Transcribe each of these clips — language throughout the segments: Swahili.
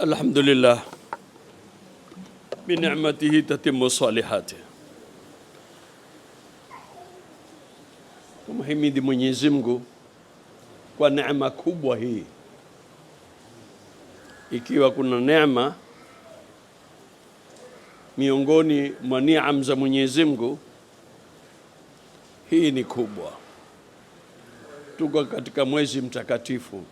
الحمد لله بنعمته تتم صالحاته. Tumhimidi Mwenyezi Mungu kwa neema kubwa hii, ikiwa kuna neema miongoni mwa niam za Mwenyezi Mungu, hii ni kubwa. Tuko katika mwezi mtakatifu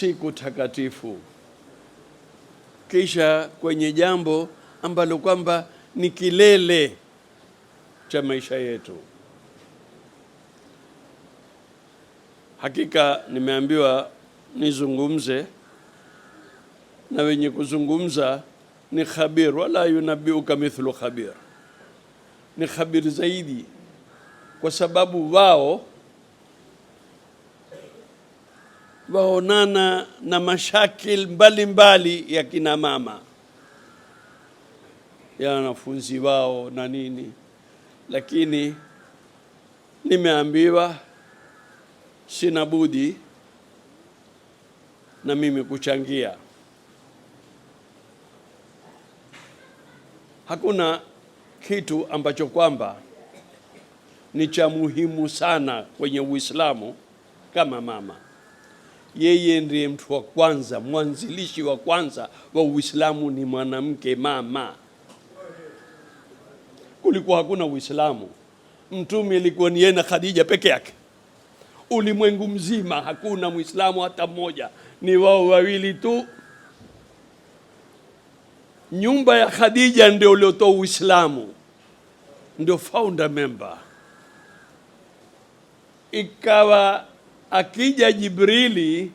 siku takatifu, kisha kwenye jambo ambalo kwamba ni kilele cha maisha yetu. Hakika nimeambiwa nizungumze na wenye kuzungumza ni khabir, wala yunabiuka mithlu khabir, ni khabir zaidi, kwa sababu wao waonana na mashakil mbalimbali mbali ya kina mama ya wanafunzi wao na nini, lakini nimeambiwa sina budi na mimi kuchangia. Hakuna kitu ambacho kwamba ni cha muhimu sana kwenye Uislamu kama mama. Yeye ndiye mtu wa kwanza, mwanzilishi wa kwanza wa Uislamu ni mwanamke mama. Kulikuwa hakuna Uislamu, mtume ilikuwa ni yeye na Khadija peke yake. Ulimwengu mzima hakuna Muislamu hata mmoja, ni wao wawili tu. Nyumba ya Khadija ndio uliotoa Uislamu, ndio founder member, ikawa akija Jibrili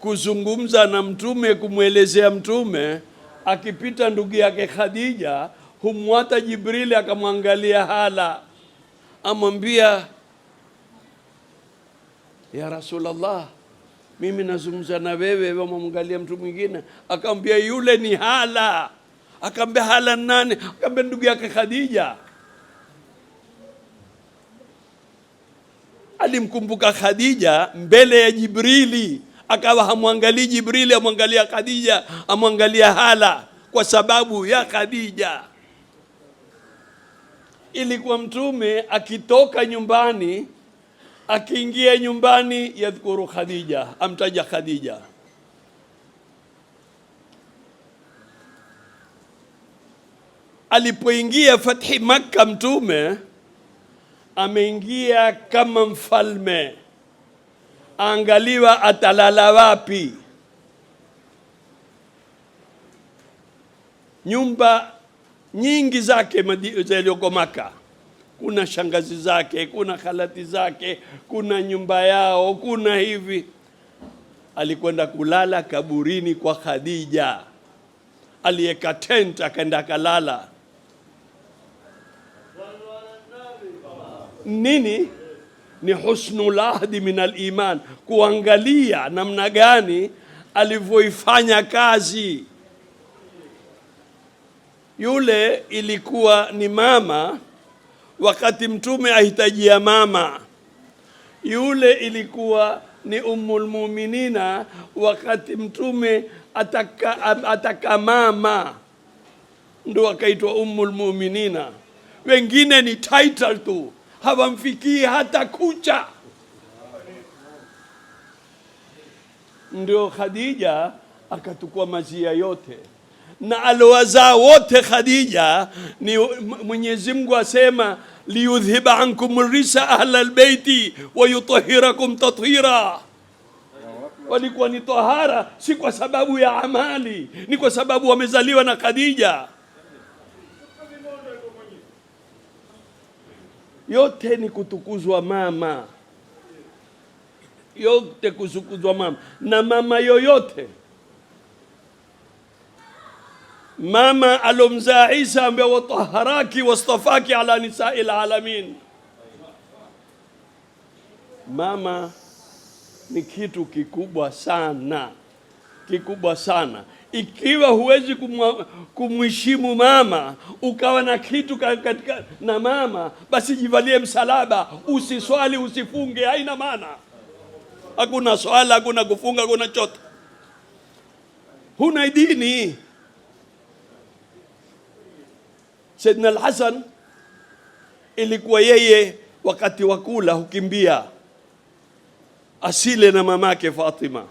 kuzungumza na mtume kumwelezea mtume, akipita ndugu yake Khadija humwata Jibrili akamwangalia hala, amwambia ya Rasulullah, mimi nazungumza na wewe, wewe umwangalia mtu mwingine. Akamwambia yule ni hala. Akamwambia hala nani? Akamwambia ndugu yake Khadija. alimkumbuka Khadija mbele ya Jibrili, akawa hamwangalii Jibrili, amwangalia Khadija, amwangalia Hala kwa sababu ya Khadija. Ilikuwa mtume akitoka nyumbani akiingia nyumbani, yadhkuru Khadija, amtaja Khadija. Alipoingia fathi Makka mtume ameingia kama mfalme, angaliwa atalala wapi? Nyumba nyingi zake zilizoko Maka, kuna shangazi zake, kuna khalati zake, kuna nyumba yao, kuna hivi. Alikwenda kulala kaburini kwa Khadija, aliyeka tent akaenda akalala nini ni husnul ahdi min aliman, kuangalia namna gani alivyoifanya kazi yule. Ilikuwa ni mama wakati mtume ahitajia mama yule, ilikuwa ni ummul muminina wakati mtume ataka, ataka mama, ndo akaitwa ummul muminina. Wengine ni title tu hawamfikii hata kucha. Ndio Khadija akatukua mazia yote na alowazaa wote Khadija. Ni Mwenyezi Mungu asema liyudhhiba ankum risa ahla lbeiti wa yutahhirakum tathira. Walikuwa ni tahara, si kwa sababu ya amali, ni kwa sababu wamezaliwa na Khadija. yote ni kutukuzwa mama, yote kutukuzwa mama. Na mama yoyote, mama alomzaa Isa ambaye wataharaki wastafaki ala nisai lalamin mama ni kitu kikubwa sana kikubwa sana. Ikiwa huwezi kumheshimu mama ukawa na kitu katika na mama, basi jivalie msalaba, usiswali, usifunge, haina maana. Hakuna swala, hakuna kufunga, hakuna chote, huna dini. Saidna lhasan ilikuwa yeye wakati wa kula hukimbia asile na mamake Fatima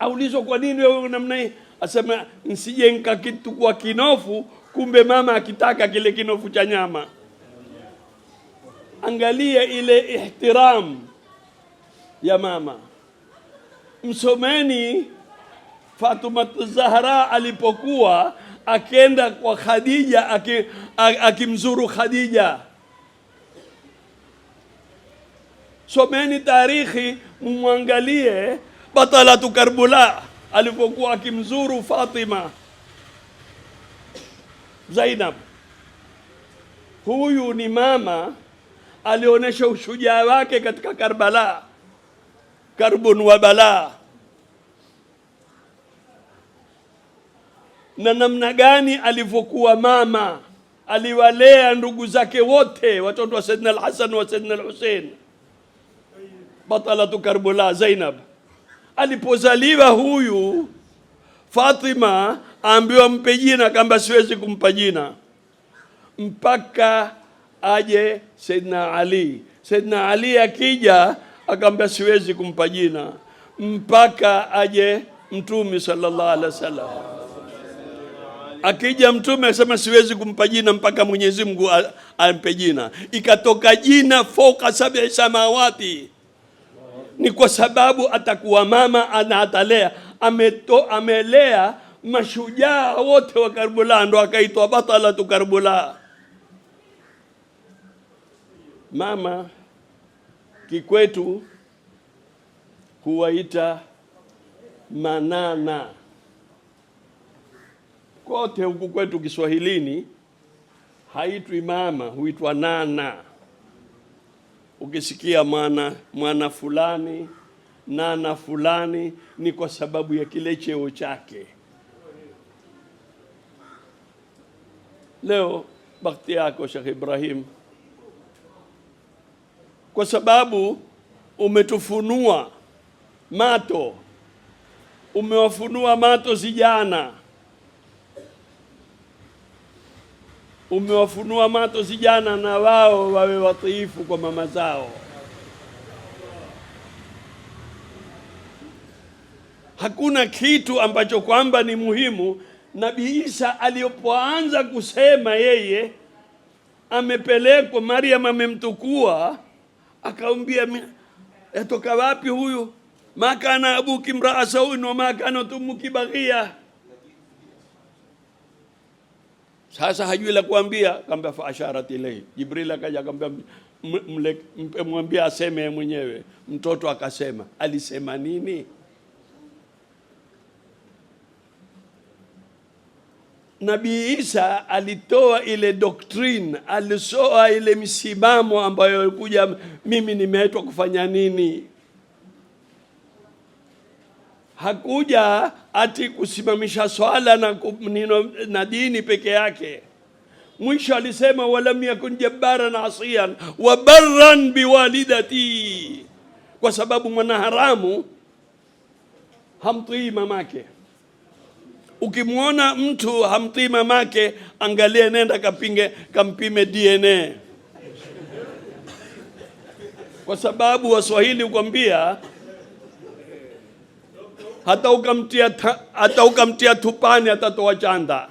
Aulizwa kwa nini wewe namna hii, asema nsije nka kitu kwa kinofu, kumbe mama akitaka kile kinofu cha nyama. Angalia ile ihtiram ya mama. Msomeni Fatuma Zahra alipokuwa akenda kwa Khadija akimzuru aki Khadija. Someni tarikhi mumwangalie Batalatu Karbula alipokuwa akimzuru Fatima Zainab. Huyu ni mama alionyesha ushujaa wake katika Karbala, karbun wa bala, na namna gani alivyokuwa mama, aliwalea ndugu zake wote, watoto wa Saidina Alhasan wa Saidina Alhusein, Batalatu Karbula Zainab alipozaliwa huyu Fatima ambiwa mpe jina, kamba siwezi kumpa jina mpaka aje Saidna Ali. Saidna Ali akija akaambia siwezi kumpa jina mpaka aje Mtume sallallahu alaihi wasallam. Akija Mtume asema siwezi kumpa jina mpaka Mwenyezi Mungu ampe jina, ikatoka jina fauka sab'i samawati ni kwa sababu atakuwa mama ana atalea ameto, amelea mashujaa wote wa Karbala, ndo akaitwa batalatu Karbala. Mama Kikwetu huwaita manana kote huku kwetu Kiswahilini haitwi mama, huitwa nana. Ukisikia mwana mwana fulani nana fulani, ni kwa sababu ya kile cheo chake. Leo bakti yako Sheikh Ibrahim, kwa sababu umetufunua mato, umewafunua mato zijana umewafunua macho vijana na wao wawe watiifu kwa mama zao. Hakuna kitu ambacho kwamba ni muhimu. Nabii Isa alipoanza kusema yeye amepelekwa, Mariam amemtukua, akaambia atoka wapi huyu? makana abuki mraa sauni wamakana tumuki baghia sasa hajui la kuambia, kaambia fa asharat ilayhi. Jibril akaja akamwambia mwambie aseme mwenyewe. Mtoto akasema. Alisema nini? Nabii Isa alitoa ile doctrine, alisoa ile misimamo ambayo kuja, mimi nimeitwa kufanya nini? hakuja ati kusimamisha swala na, na dini peke yake. Mwisho alisema walam yakun jabbaran asiyan wa barran biwalidati, kwa sababu mwanaharamu hamtii mamake. Ukimwona mtu hamtii mamake, angalie, nenda kapinge, kampime DNA, kwa sababu waswahili hukwambia hata ukamtia, hata ukamtia tupani atatoa chanda.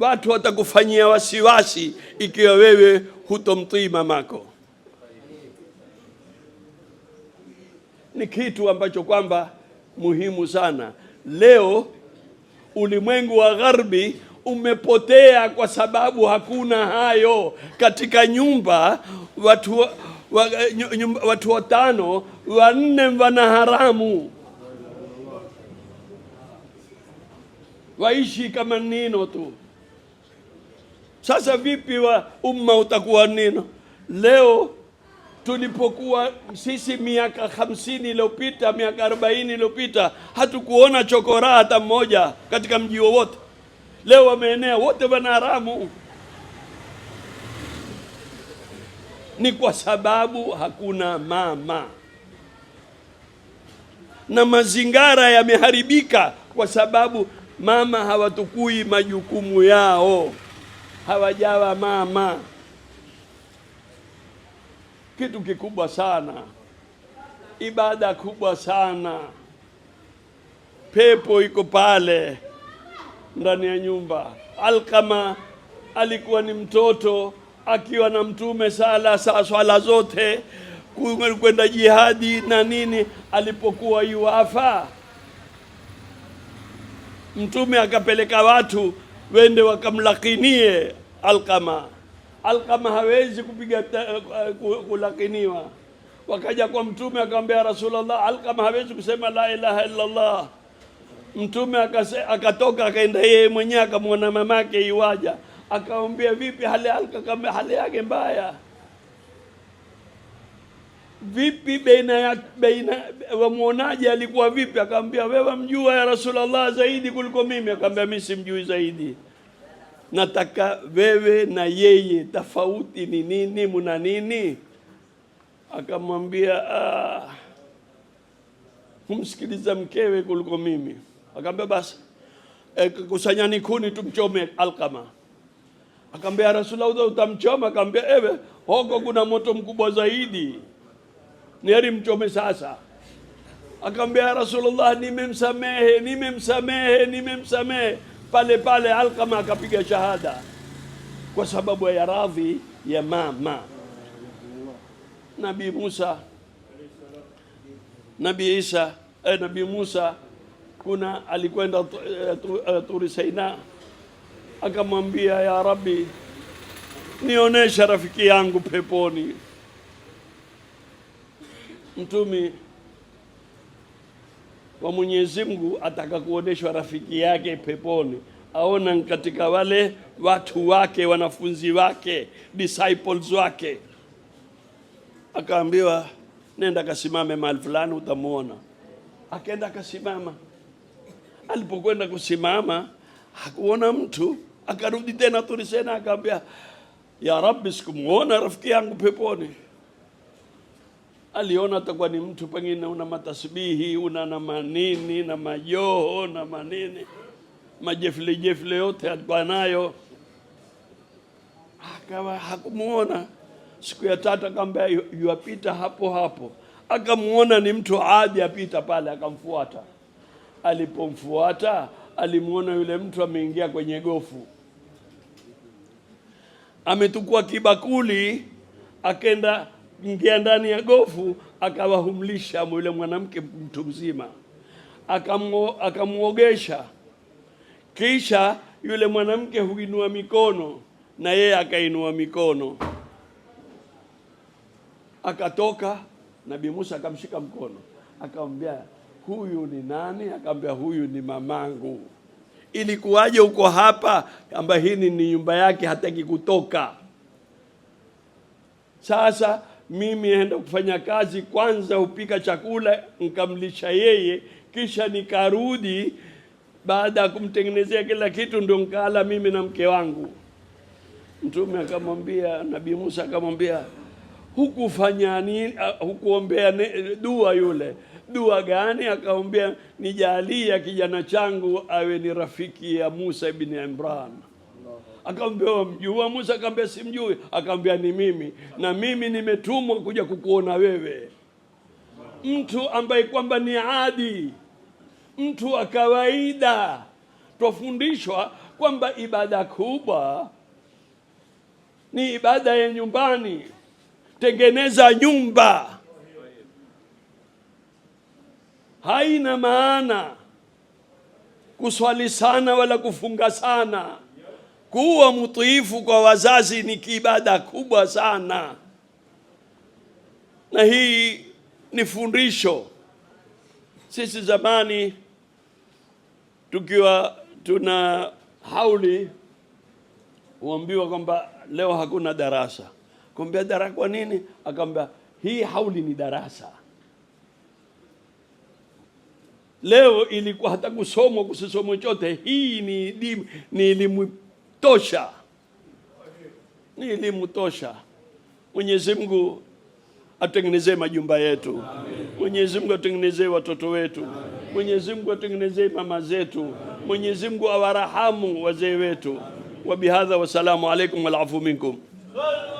Watu watakufanyia wasiwasi ikiwa wewe hutomtii mamako. Ni kitu ambacho kwamba muhimu sana. Leo ulimwengu wa Gharbi umepotea kwa sababu hakuna hayo katika nyumba watu Eh, watu watano wanne wana haramu waishi kama nino tu. Sasa vipi wa umma utakuwa nino? Leo tulipokuwa sisi miaka hamsini iliyopita miaka arobaini iliyopita hatukuona chokoraa hata mmoja katika mji wowote. Leo wameenea wote wana haramu. ni kwa sababu hakuna mama, na mazingira yameharibika kwa sababu mama hawatukui majukumu yao, hawajawa mama. Kitu kikubwa sana, ibada kubwa sana. Pepo iko pale ndani ya nyumba. Alkama alikuwa ni mtoto akiwa na mtume sala saa swala zote kwenda jihadi na nini, alipokuwa yuafa mtume akapeleka watu wende wakamlakinie Alkama. Alkama hawezi kupiga eh, kulakiniwa. Wakaja kwa mtume akamwambia Rasulullah, Alkama hawezi kusema la ilaha illa Allah. Mtume akatoka akaenda yeye mwenyewe akamwona mamake iwaja akamwambia vipi, hali yako kama hali yake mbaya vipi, baina ya baina wamuonaje, alikuwa vipi? Akamwambia wewe mjua ya Rasulullah zaidi kuliko mimi. Akamwambia mimi simjui zaidi, nataka wewe na yeye tofauti ni nini, muna nini? Akamwambia ah, mkewe kuliko mimi. Akamwambia basi, e, eh, kusanyani kuni tumchome Alkama Akamwambia Rasulullah, utamchoma? Akamwambia ewe, huko kuna moto mkubwa zaidi, ni heri mchome sasa. Akamwambia Rasulullah, nimemsamehe, nimemsamehe, nimemsamehe. Pale pale Alkama akapiga shahada kwa sababu ya radhi ya mama. Nabii Musa, Nabii Isa, eh, Nabii Musa kuna alikwenda eh, eh, Turi Sinai akamwambia, ya Rabbi, nionyesha rafiki yangu peponi. Mtumi wa Mwenyezi Mungu ataka kuoneshwa rafiki yake peponi, aona katika wale watu wake, wanafunzi wake, disciples wake. Akaambiwa nenda kasimame mahali fulani, utamwona. Akaenda akasimama. Alipokwenda kusimama hakuona mtu, akarudi tena Turisena akaambia, ya Rabbi, sikumuona rafiki yangu peponi. Aliona atakuwa ni mtu pengine una matasbihi una na manini na majoho na manini majefle jefle yote alikuwa nayo, akawa hakumuona. Siku ya tatu akaambia, yuapita hapo hapo, akamuona ni mtu adi apita pale, akamfuata. Alipomfuata alimwona yule mtu ameingia kwenye gofu, ametukua kibakuli, akenda ingia ndani ya gofu, akawahumlisha yule mwanamke mtu mzima, akamwogesha. Kisha yule mwanamke huinua mikono na yeye akainua mikono, akatoka. Nabii Musa akamshika mkono akamwambia huyu ni nani? Akaambia huyu ni mamangu. Ilikuwaje uko hapa? Kamba hini ni nyumba yake, hataki kutoka. Sasa mimi enda kufanya kazi, kwanza upika chakula nikamlisha yeye, kisha nikarudi baada ya kumtengenezea kila kitu, ndio nkala mimi na mke wangu. Mtume akamwambia, Nabii Musa akamwambia, hukufanya nini? Ah, hukuombea dua yule dua gani? akaambia nijalie kijana changu awe ni rafiki ya Musa ibn Imran. Akaambiwa, oh, mjua Musa? Akaambia, simjui. Akaambia, ni mimi, na mimi nimetumwa kuja kukuona wewe. Mtu ambaye kwamba ni adi, mtu wa kawaida, twafundishwa kwamba ibada kubwa ni ibada ya nyumbani. Tengeneza nyumba haina maana kuswali sana wala kufunga sana. Kuwa mtiifu kwa wazazi ni kibada kubwa sana, na hii ni fundisho. Sisi zamani tukiwa tuna hauli huambiwa kwamba leo hakuna darasa. Kumwambia dara kwa nini? Akamwambia hii hauli ni darasa. Leo ilikuwa hata kusomwa kusisomwa chote, hii ni elimu, ni elimu tosha, ni elimu tosha. Mwenyezi Mungu atutengenezee majumba yetu, Mwenyezi Mungu atutengenezee watoto wetu, Mwenyezi Mungu atutengenezee mama zetu, Mwenyezi Mungu awarahamu wazee wetu. Wabihadha, wassalamu alaikum walafu minkum.